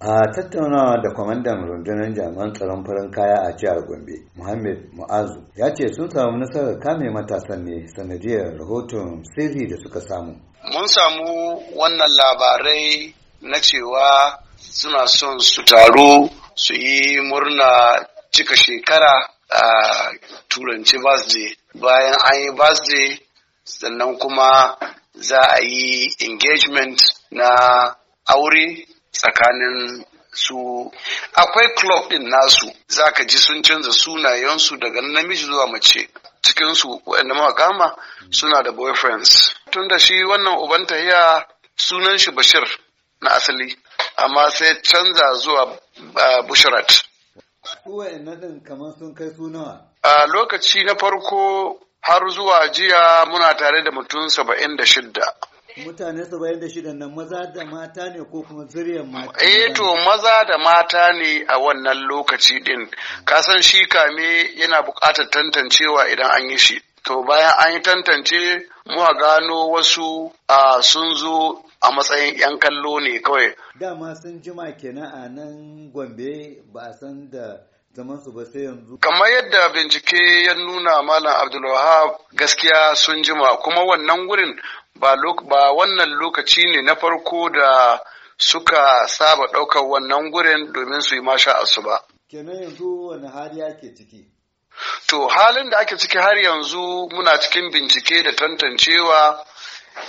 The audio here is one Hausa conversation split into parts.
a tattaunawa da kwamandan rundunar jami'an tsaron farin kaya a jihar gombe muhammed mu'azu ya ce sun samu nasarar kame matasan ne sanadiyar rahoton sirri da suka samu mun samu wannan labarai na cewa suna son su taru su yi murna cika shekara a turanci birthday bayan an yi birthday sannan kuma za a yi engagement na aure tsakanin su akwai club din nasu zaka ji sun canza sunayensu daga namiji zuwa mace cikinsu su wanda makama suna da boyfriends tun da shi wannan uban tahiya sunan shi bashir na asali amma sai canza zuwa ah, bushrat ɗin kamar sun kai sunawa a lokaci na farko har zuwa jiya muna tare da mutum saba'in da shidda mutane bayan da shida nan maza da mata ne ko kuma zuriyar mata eh to maza da mata ne a wannan lokaci din kasan shi kame yana buƙatar tantancewa idan an yi shi to bayan an yi tantance mu a gano wasu a sun zo a matsayin 'yan kallo ne kawai dama sun jima kenan a nan gombe ba a san da zaman su ba sai yanzu kamar yadda bincike ya nuna malam abdulwahab gaskiya sun jima kuma wannan wurin ba wannan lokaci ne na farko da suka saba ɗaukar wannan gurin domin su yi masha asu ba. Kenan yanzu wani hali ake ciki? To halin da ake ciki har yanzu muna cikin bincike da tantancewa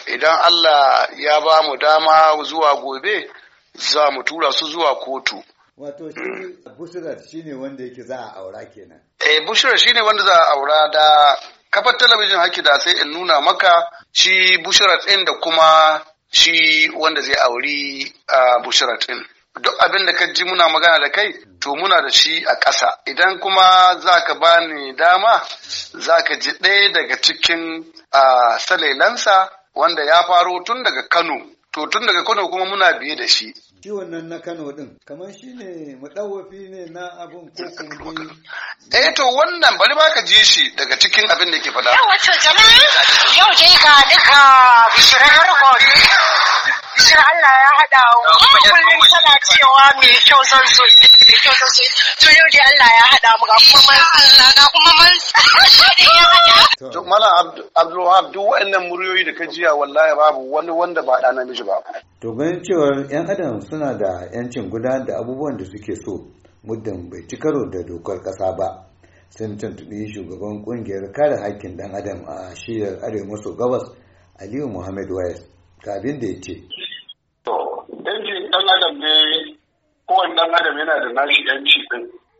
idan Allah ya ba mu dama zuwa gobe za mu tura su zuwa kotu. Wato shi bushirar shi ne wanda yake za a aura kenan. Eh bushirar shi ne wanda za a aura da kafar talabijin haki da sai in nuna maka shi bushirat ɗin da kuma shi wanda zai auri a bushirat ɗin duk abin da ka ji muna magana da kai to muna da shi a ƙasa idan kuma za ka ba ni dama za ka ji ɗaya daga cikin salailansa wanda ya faro tun daga kano to tun daga kano kuma muna biye da shi shi wannan na kano din kamar shi ne madawafi ne na abin ko eh to wannan bari ba ka ji shi daga cikin abin da yake faɗa yau wato jama'a yau dai ga duka bishirar rukun bishirar Allah ya haɗa kullum tana cewa mai kyau zan so mai kyau zan so to yau dai Allah ya haɗa mu ga kuma Allah ga kuma man duk mala abdulwahab duk wa'annan muryoyi da ka jiya wallahi babu wani wanda ba ɗa namiji ba to ganin cewar yan adam suna da yancin gudanar da abubuwan da suke so muddin bai ci karo da dokar kasa ba sun tuntuɓi shugaban ƙungiyar kare haƙƙin ɗan adam a shiyar arewa maso gabas aliyu muhammad wayes ga abin da ya ce. adam ne kowane ɗan adam yana da nashi yanci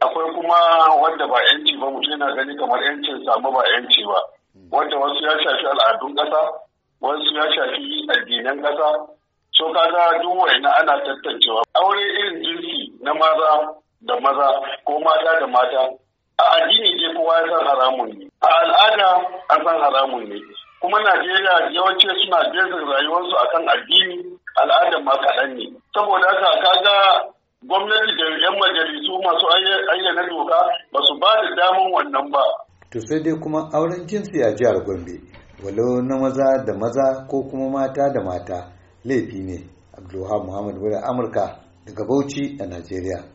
akwai kuma wanda ba yanci ba mutum yana gani kamar yancin samu ba yanci ba wanda wasu ya shafi al'adun kasa wasu ya shafi addinan ƙasa so kaga duk wa'ina ana tantancewa aure irin jinsi na maza da maza ko mata da mata a addini dai kowa ya san haramun ne a al'ada an san haramun ne kuma najeriya yawanci suna jesa rayuwarsu akan addini al'adar ma kaɗan ne saboda haka kaga gwamnati da 'yan majalisu masu ayyana doka ba su ba da damar wannan ba to sai dai kuma auren jinsi a jihar gombe walau na maza da maza ko kuma mata da mata laifi ne abdulwahab muhammad wurin amurka daga bauchi a najeriya